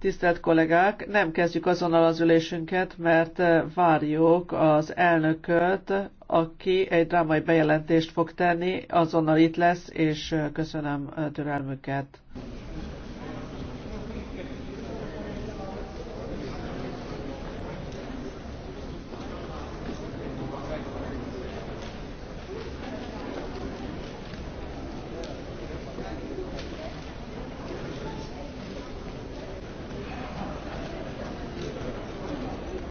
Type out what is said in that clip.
Tisztelt kollégák, nem kezdjük azonnal az ülésünket, mert eh, várjuk az elnököt, aki egy drámai bejelentést fog tenni, azonnal itt lesz, és eh, köszönöm eh, türelmüket.